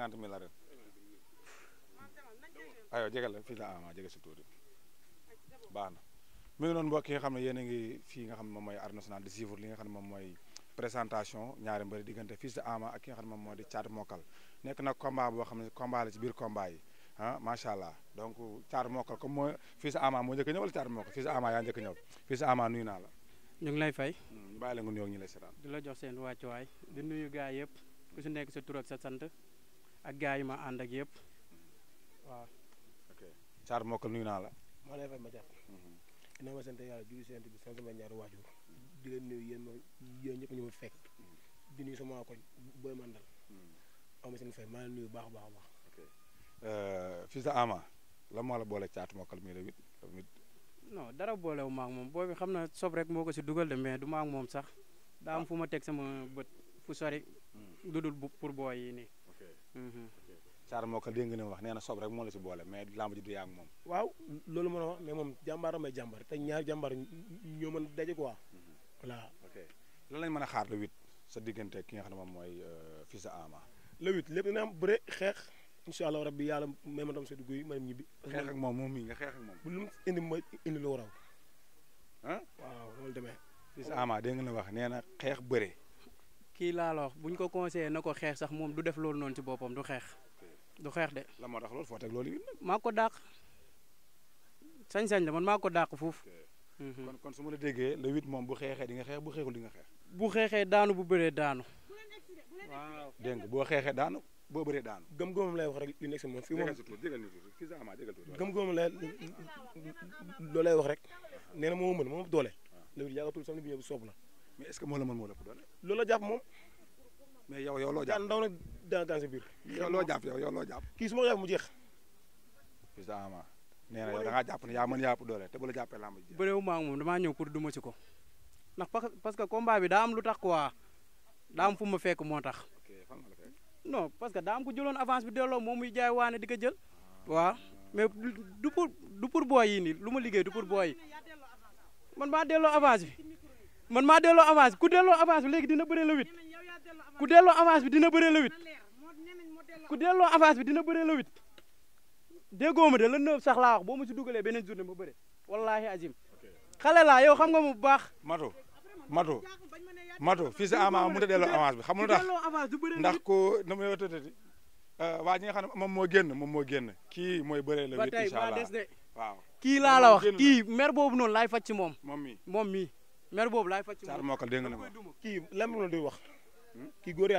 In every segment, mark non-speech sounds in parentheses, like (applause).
cinquante mille la ren aywa jege la fii la ama ah, jege si tuuti baax na mi ngi noonu mbokk yi nga xam ne yéen a ngi fii nga xam ne moom mooy Arène Nationale di suivre li nga xam ne moom mooy présentation ñaari mbëri diggante Fils de Ama ak ki nga xam ne moom moo di Thiatou Mokkal nekk nag combat boo xam ne combat la ci biir combat yi ah macha allah donc Thiatou Mokkal comme mooy Fils Ama moo njëkk a ñëw wala Thiatou Mokkal Fils Ama yaa njëkk a ñëw Fils Ama nuyu naa la. ñu ngi lay fay. Hmm, ñu bàyyi la nga nuyoo sa ak gaay yi ma ànd ak yëpp waaw. ok Sarr Mokkal nuyu naa la. maa lay fay ma jàpp. Mhm. dina ma sant yàlla julli sant bi sant sama ñaari waajur di leen nuyu yéen ma yéen ñëpp ñu ma fekk. Mhm. di nuyu sama koñ booy mandal. am mhm. na seen fay maa leen nuyu baax a baax a baax. ok euh, fils de Ama la moo la boole caatu Mokkal mi la wit mi. non dara boolewu ma ak moom boobu xam na sob rek moo ko si dugal de mais du ma ak moom sax daa am ah. fu ma teg sama bët fu sori. ludul dul pour booy yi nii. Mm-hmm. Saar moo ko dégg na wax nee na soob rek moo la si boole mais lamb ji du yaa moom. waaw loolu mën a wax mais moom jàmbaar may jàmbaar te ñaar jàmbaar ñoo mën daje quoi. Mm-hmm. voilà ok lan lañ mën a xaar le huit sa diggante ki nga xam ne moom mooy euh, fils sa Ama. le huit lépp dina am bëre xeex incha allah rabbi yàlla may ma doon sa dugub yi ma dem ñibbi. xeex ak moom moom mii nga xeex ak moom. bu lu mu indi ma indi lu raw. ah waaw loolu demee. fils sa Ama dégg wax nee na xeex bëre. kii laalo bu ñu ko conseillé na ko xeex sax moom du def loolu noonu ci boppam du xeex du xeex de. la moo tax loolu foo teg maa ko dàq sañ-sañ la man maa ko dàq foofu. Mhm. kon kon su ma la déggee le huit moom bu xeexee dinga nga xeex bu xeexul di nga xeex. bu xeexee daanu bu bëree daanu. waaw dégg nga boo xeexee daanu boo bëree daanu. gëm-gëmam lay wax rek li nekk si moom fii moom gëm-gëmam lay loo lay wax rek nee na moo mën moom doole ah. le huit yàggatul ni bi ñëw soob na mais ce que moo la mën moo la ko doole. loolu la jàpp moom. mais yow yow loo jàpp daan ndaw nag loo jàpp yow yow loo jàpp. kii su ma mu jeex. fils de Ama nee na jàpp ne yaa mën yaa ëpp doole te bu la jàppee lamb ji. bëreewu maa moom damaa ñëw pour duma ci ko ndax parce que combat bi daa am lu tax quoi daa am fu ma fekk moo tax. non parce que daa am ko jëloon avance bi delloo moom muy jaay waane di ko jël. waaw mais du pour du pour booy yi nii lu ma liggéey du pour booy yi man maa delloo avance bi. man maa delloo avance ku delloo avance bi léegi dina bëree la huit ku delloo avance bi dina bëree la huit ku delloo avance bi dina bëree la huit déggoo ma de la neuf sax laa wax boo ma si dugalee beneen journée ma bëre wallaahi azim xale laa yow xam nga mu bu baax. mato mato mato fii sa ama mënut a delloo avance bi xamul tax ndax ko na ma yow tëddati waa ñi nga xam ne moom moo génn moom moo génn kii mooy bëree la huit incha allah waaw kii laa la wax kii mer boobu noonu laay faj ci moom moom mii mer boobu laay faj. Sarr Mokal dégg nga ma kii lam la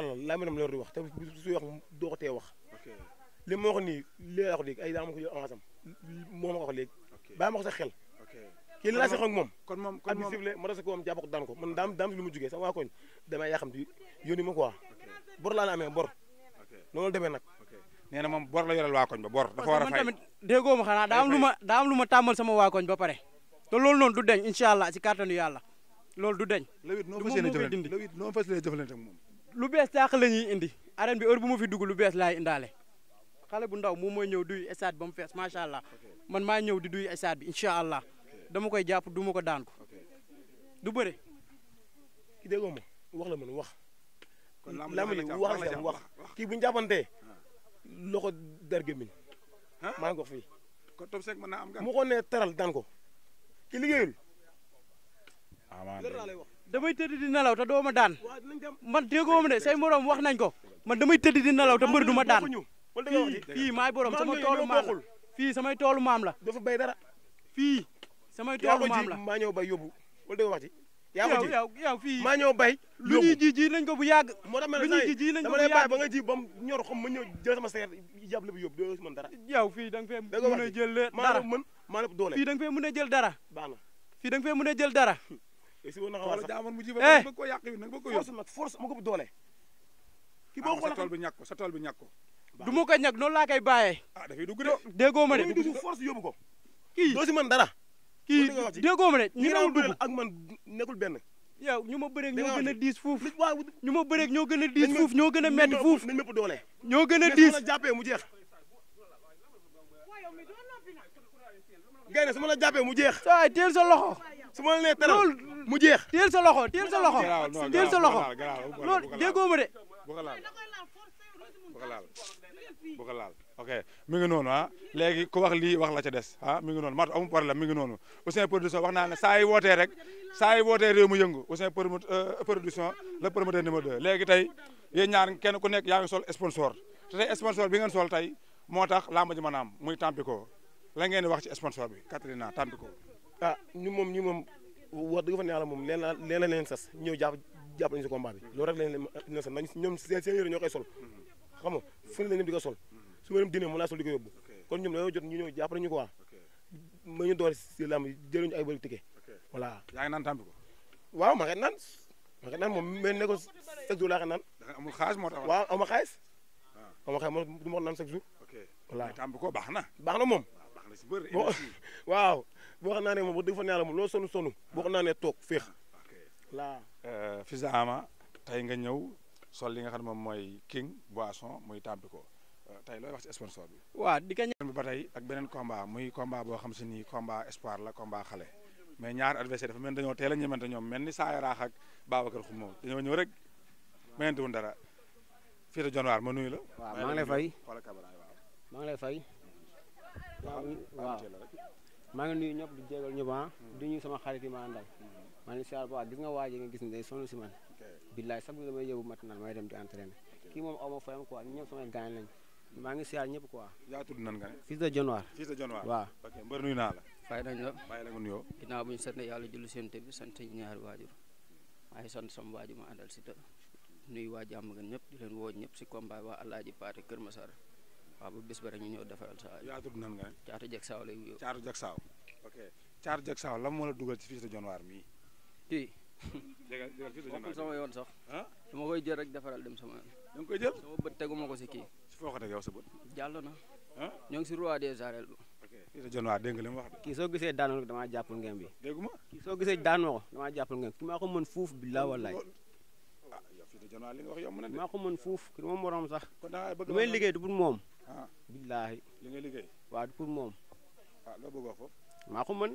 la laminam la doy wax te su wax doo li ma wax nii la wax ay daa ma ko jël avance am moo ma ko wax léegi. bàyyi ma ko sa xel. kii li laa seqoon ak moom. kon moom ma rase ko moom jàpp ko daan ko man daam daam si lu mu jugee sax ma quoi bor la amee bor. loolu demee nag. nee na moom bor la yoreel waa koñ ba bor dafa war a fay. tamit déggoo ma ma daa am lu ma tàmmal sama waa ba pare te loolu noonu du deñ incha allah ci kàttanu yàlla loolu du deñ le huit noo fas yéene dindi le huit noo fas yéene jëflante ak moom lu bees taax la ñuy indi arène bi heure bu ma fi dugg lu bees laay indaale xale bu ndaw moom mooy ñëw duy stade ba mu fees macha allah man maa ñëw di duy stade bi incha allah dama koy jàpp du ma ko daan ko du bëre ki déggoo ma wax la mën wax kon lamb ji wax la wax kii bu ñu ah. loxo derge ah. maa ngi fi fii ko mën naa am nga mu ko ne teral daan ko ki liggéeyul damay tëdd di nelaw te doo ma daan man déggoo ma de say morom wax nañ ko man damay tëdd di nelaw te mbër du ma daan fii fii maay borom sama toolu maam la fii samay toolu maam la dafa bay dara fii samay toolu maam la maa ñëw bay yóbbu wala dégg wax ci yaa ko ji yow fii maa ñëw bay lu ñuy ji ji nañ ko bu yàgg moo tax ma ne lu ñuy ji ba nga ji ba mu ñor ma ñëw jël sama seer yàb la bu yóbbu doo dara yow fii da nga fee mën a jël dara maa la mën maa la doole fii da nga fee mën a jël dara baax fii da nga mën a jël dara (laughs) si woon na xaw a sax jaamar mu ji ba bëgg eh. ko yàq wi nag bëgg ko yóbbu force nag force ma ko bu doole ki boo xoolee ah, sa tool bi ñàkk ko sa tool bi ñàkk ko du ma koy ñàkk noonu laa koy bàyyee ah dafay dugg de déggoo ma de dugg force yóbbu ko kii doo si mën dara kii déggoo ma de ñu newul dugg ak man nekkul benn yow ñu ma bëreeg ñoo gën a diis fuuf ñu ma bëreeg ñoo gën a diis fuuf ñoo gën a metti fuuf nañ mépp doole ñoo gën a diis jàppee mu jeex gaynde su ma la jàppee mu jeex saa teel sa loxo su ma la nee teral mu jeex teel sa loxo teel sa loxo teel sa loxo loolu déggoo de bu laal bu laal bu ko ok mi ngi noonu ah léegi ku wax lii wax la ca des ah mi ngi noonu Maodo amul problème mi ngi noonu Ouzin Production wax naa ne saa yi wootee rek saa yi wootee réew mu yëngu Ouzin euh, Production le promoteur numéro 2 léegi tey yéen ñaar kenn ku nekk yaa ngi sol sponsor te tey sponsor bi ngeen sool tey moo tax laa làmb ji maanaam muy Tampico la ngeen wax ci sponsor bi Katrina Tampico ah ñu moom ñu moom wax dëgg fa ne yàlla la leen la leen sas ñëw jàpp jàpp nañu si combat bi loolu rek leen leen leen sas nañ ñoom seen seen yére ñoo koy sol xam nga fu ne la ñoom di ko sol su ma dem dine mu laa sol di ko yóbbu kon ñoom dañoo jot ñu ñëw ma ñu door si lamb jëluñu ay bëri tike ma ngi naan ma ngi naan moom mel ne ko chaque jour laa ngi naan amul xaalis moo tax waaw amul xaalis ah. amul xaalis moo du ma naan chaque (laughs) boo xam naa ne moom wax dëgg fa neex moom loo sonu sonu boo xam naa ne toog féex laa euh, Fils de Ama tey nga ñëw sol li nga xam ne moom mooy king boisson muy Tampico euh, tey looy wax ci sponsor bi ba tey ak beneen combat muy combat boo xam si nii combat espoir la combat xale mais ñaar adversaire dafa mel dañoo teel a ñemante ñoom mel ni saa yaraax ak Babacar Xuma dañoo ñëw rek mayante wuñ dara fii de Jonwaar ma nuyu la. waaw maa ngi lay fay maa ngi lay fay. waaw maa ngi nuyu ñëpp di jégal ñëpp ah di nuyu sama xarit yi ma àndal maa ngi siyaar bu baax gis nga waaj nga gis ne day sonn si man billaay sax bi damay yóbbu matinal may dem di entraîné kii moom aw ma fayam quoi ñëpp samay gaañ lañ maa ngi siyaar ñëpp quoi yaa tudd nan nga ne fils de Dionewar fils de Dionewar waaw ok mbër nuyu naa la fay nañ la bàyyi la nga nuyoo ginnaaw bu ñu sant yàlla jullu seen te bi sant ñaari waajur maa ngi sant sama waajur ma àndal si te nuyu waa jàmm gën ñëpp di leen woo ñëpp si combat waa Alaaji Paate Kër Masar waaw bu bis ba rek ñu ñëw defaral saa. yaa tudd nan nga ne. Caatu Jek Saaw lay wuyoo. Caatu Jek Saaw ok Caatu Jek Saaw lan moo la dugal ci fils de Dione Waar mii. kii. (laughs) jégal jégal fils de Dione Waar sama yoon sax. ah dama koy jël rek defaral dem sama yoon. da nga koy jël sama bët teguma ko si kii. si foo ko teg yow sa bët. jàll na. ah ñoo ngi si roi des arènes ba. ok fils de Dione Waar dégg nga li mu wax de. kii soo gisee daanoo ko damaa jàppul ngeen bi. déggu ma kii soo gisee daanoo ko damaa jàppul ngeen ki maa ko mën fuuf billaa wallaay oh, ah yow fils de Dione Waar li nga wax yomb na de. maa ko mën fuuf ki moom moroom sax. kon da ngay bëgg may liggéey du pour moom ah billaahi. li nga liggéey. waaw pour moom. ah loo bëgg wax foofu. maa ko mën.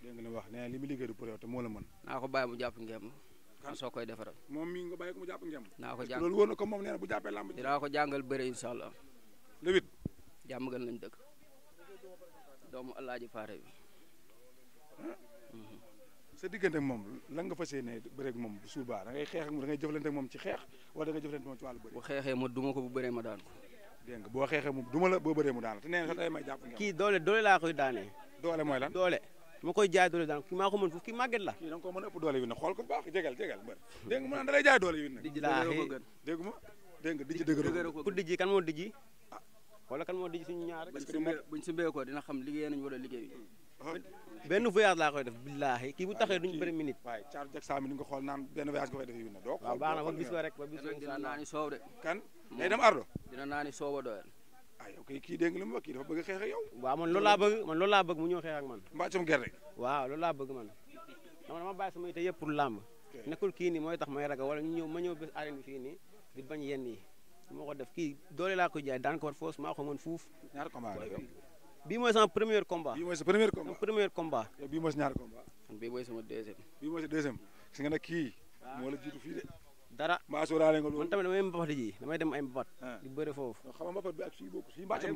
dégg nga li wax nee li mu liggéey du pour yow te moo la mën. naa ko bàyyi mu jàpp ngeen ma. soo koy defaral. moom mii nga bàyyi ko mu jàpp ngeen ma. naa ko jàng loolu na ko moom nee na bu jàppee làmb. ko jàngal bëre incha allah. le huit. jàmm gën lañ dëkk. doomu alaaji faare bi. sa diggante ak moom lan nga fas yéene bëreeg moom bu suur baa da ngay xeex ak moom ci xeex wala da ngay jëflante moom ci wàllu bëri. bu xeexee ma duma ko bu bëree ma daan ko. dégg nga boo xeexee mu duma la boo bëree mu daan te nee na sax day may jàpp. kii doole doole laa koy daanee. doole mooy lan doole. ma jaay doole daan kii maa ko mën foofu kii màgget la. koo mën a ëpp doole yu ne mu naan da jaay doole yu dijji laa xëy dégg ma dijji dëgg moo dijji. Ah. wala kan moo dijji si mbéy buñ si mbéy ko dina liggéey benn voyage laa koy def billaahi kii bu taxee duñ bëri minute waaye ni nga xool naan benn voyage nga koy def yu ne doo waaw baax na ba gis ko rek ba gis ko de kan day dem ardo dina naani sooba doyal ah yow kay a xeex ak laa bëgg man loolu laa bëgg mu ñëw xeex ak man mbaacum gerte waaw loolu laa bëgg man dama dama bàyyi sama yite yëpp pour làmb nekkul kii nii mooy tax ma ragal wala ñu ñëw ma ñëw bés arène fii nii di bañ yenn yi moo ko def kii doole laa ko jaay daan ko war foos maa ko mën fuuf bii mooy sama premier combat. bii mooy sa premier combat bii mooy sa ñaari combat. bii mooy sa deuxième gis nga nag kii. Ah. moo la jiitu fii de. dara maa sóoraale nga loolu man tamit damay mbapat ji damay dem ay mbapat. Ah. di bëre foofu. xam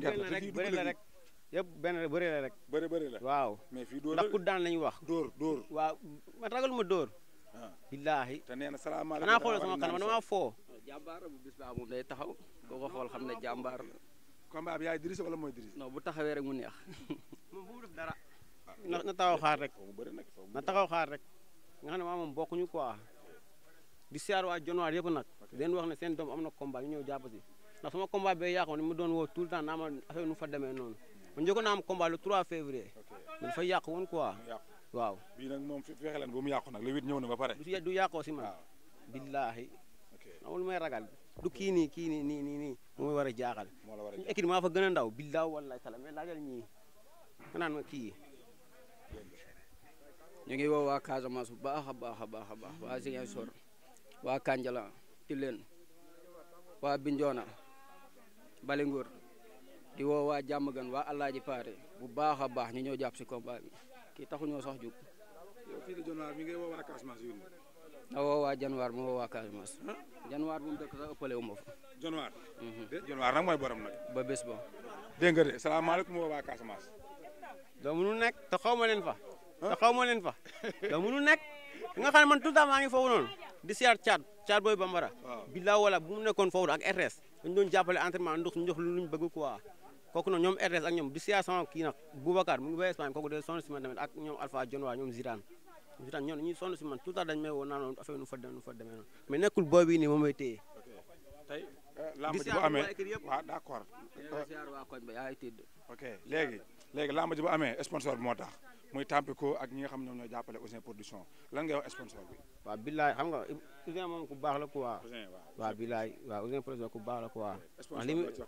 la rek yëpp benn bëri la rek. bëri la waaw. mais fii dóor la ndax ku daan lañu wax. dóor dóor waaw man ragal ma dóor. Ah. billaahi te nee na salaamaaleykum xanaa xoolal sama kanam damaa foo. jàmbaar bu bis baa moom day taxaw koo ko xool xam ne jàmbaar la combat bi yaay dirige wala mooy dirige. non bu taxawee rek mu neex. (laughs) moom bu mu def dara. na na taxaw xaar rek. na taxaw xaar rek. nga xam ne maa moom ñu quoi. di siyaar waa Jonwaar yëpp nag. den wax ne seen doom am na combat ñu ñëw jàpp si. ndax sama combat bee yàqoon ni mu doon woo tout le temps naa ma affaire nu fa demee noonu. man njëkkoon naa am combat le 3 février. ok dafa yàq woon quoi. waaw bii nag moom fexe leen ba mu yàqu nag le 8 ñëw na ba pare. du yàqoo si man. Ah. billaahi amul may ragal. du kini kini ini ni ni nii nii mooy war a jaaxal fa gëna a ndaw billaa wallahi taala mais laajal ni nan ma ki ñu ngi woo waa Casamance ba ha ba ha ba ha ba wa sor wa Kanjala tilen wa binjona balingur di woo waa Diamaguène wa Alaaji pare bu ba ha ba ñu ñoo kita ci combat bi taxu ñoo sax juk yow mi na woo waa Januar ma woo waa Casamance Januar bu mu wu ma fa. Januar. Mhm. Januar nag mooy borom nag. ba bés ba. dégg nga de salaamaaleykum woo waa Casamance. doo mënul nekk te xaw ma leen fa. te xaw ma leen fa doo mënul nekk. nga xam ne man tout le temps maa ngi foofu noonu di siyaar caat caat booy bambara. waaw billa wala bu mu nekkoon foofu ak RTS. dañu doon jàppale entraînement ndox ndox lu ñu bëgg quoi. kooku noonu ñoom RTS ak ñoom di siyaar sama kii nag Boubacar mu ngi bay Espagne kooku de si man ñu daan ñoon ñuy si man tout à dañ may woo naan affaire nu fa demee nu fa demee noonu mais nekkul booy bii nii moom may téye tey euh, lamb ji bu amee waaw d'accord ok léegi léegi lamb ji bu amee sponsor bi moo tax muy Tampico ak ñi nga xam ñoom ñoo jàppale Ouzin production lan ngay wax sponsor bi waaw billaay la nga Ouzin moom ku baax la quoi waaw billaay waaw Ouzin production ku baax la quoi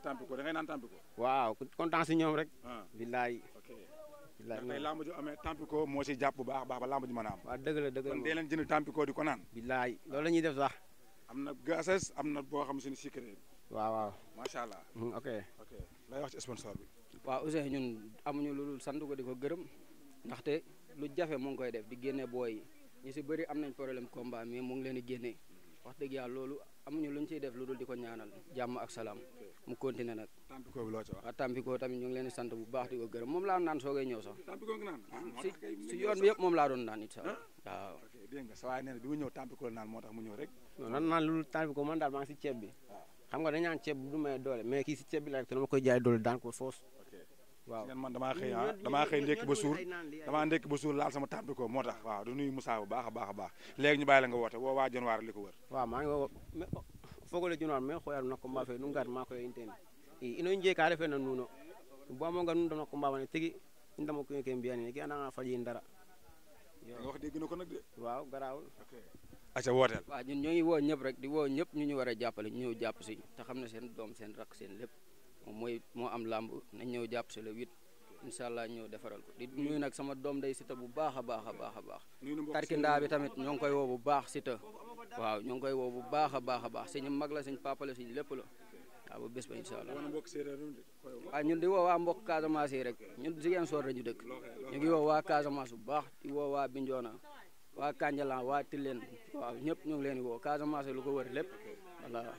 Tampico da ngay naan Tampico waaw kontaan si ñoom rek ah. billaay bilaay tey lamb ju amee tampiko moo si jàpp bu baax baax ba lamb ji mën a am. waaw dëgg la dëgg la kon dee leen jënd tampiko di ko naan. bilaay loolu la ñuy def sax. am na gases am na boo xam suñu secret. waaw waaw macha allah. Hmm, ok ok lay wax ci sponsor bi. waaw Ouzin ñun amuñu lu sant ko di ko gërëm ndaxte lu jafe mu ngi koy def di génne booy ñu si bëri am nañ problème combat mais mu ngi leen di génne wax dëgg yàlla loolu amuñu lu ñu ciy def lu dul di ko ñaanal jàmm ak salaam. mu continué nag. Tampico bi loo ci wax tamit ñu leen di sant bu baax di ko gërëm moom laa doon naan soogay ñëw sax. nga naan ah si yoon moom laa doon naan it sax waaw. sa waaye nee na bi mu ñëw Tampico la naan moo tax mu ñëw rek. non nan naan loolu man daal maa ngi si ceeb bi. xam nga dañu bu du may doole kii si ceeb bi la rek te koy jaay doole daan ko soos. waaw ngeen man damaa xëy ah damaa xëy ndékki ba suur damaa ndékki ba suur laal sama Tampico moo tax waaw du nuyu Moussa bu baax a baax a baax léegi ñu bàyyi la nga woote waa Dionewar li ko wër waaw maa ngi woo fogole junor me xoyar na combat fe nungar ma ko inteni i ino nje ka refe na nuno bo mo ngar nu na combat ne tigi ndam ko ke mbiyani ki ana faji ndara nga wax degg nako nak de waaw garaawul acha wotel wa ñun ñoy wo ñep rek di wo ñep ñu ñu wara jappale ñu ñew japp ci te xamna sen dom sen rak seen lepp moy mo am lamb na ñew japp ci le 8 inshallah ñew defaral ko di nuyu nak sama doom day sita bu baaxa baaxa baaxa baax tarki nda bi tamit ñong koy wo bu baax sita waaw ñoo ngi koy woo bu baax a baax a baax suñu mag la suñu papa la suñu lépp la waaw bu bés ba incha allah waaw ah, ñun di woo waa mbokk Casamance yi rek ñun jigéen soor la ñu dëkk ñu ngi woo waa Casamance bu baax di woo waa Bignona waa Kanjalan waa tilen waaw ñëpp ñu ngi leen di woo Casamance lu ko wër lépp voilà.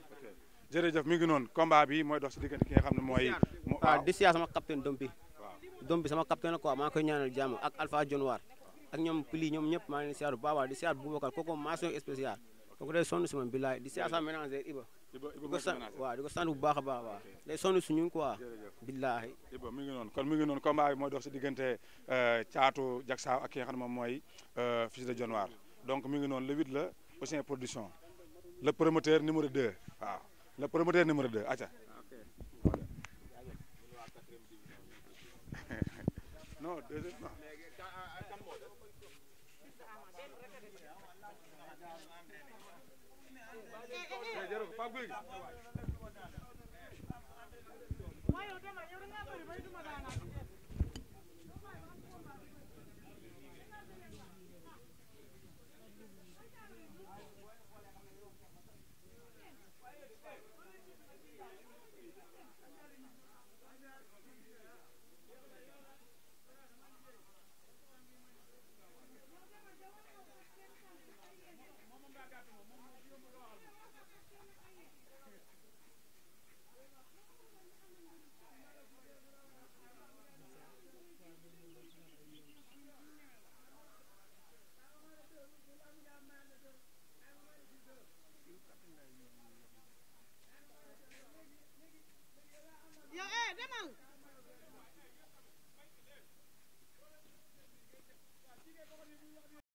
jërëjëf mi ngi noonu combat bi mooy dox si diggante ki nga xam ne mooy. Ah, waaw di siyaas sama capitaine Dompi. Dompi sama capitaine la quoi maa ngi koy ñaanal jàmm ak Alpha Jonouar ak ñoom pli ñoom ñëpp maa ngi leen di siyaar bu baax di siyaar Boubacar kooku mention spécial. donc le la Production le promoteur numéro 2 le promoteur numéro 2 (laughs) non waaye yow dama yow da ngaa bëri bay duma daanaa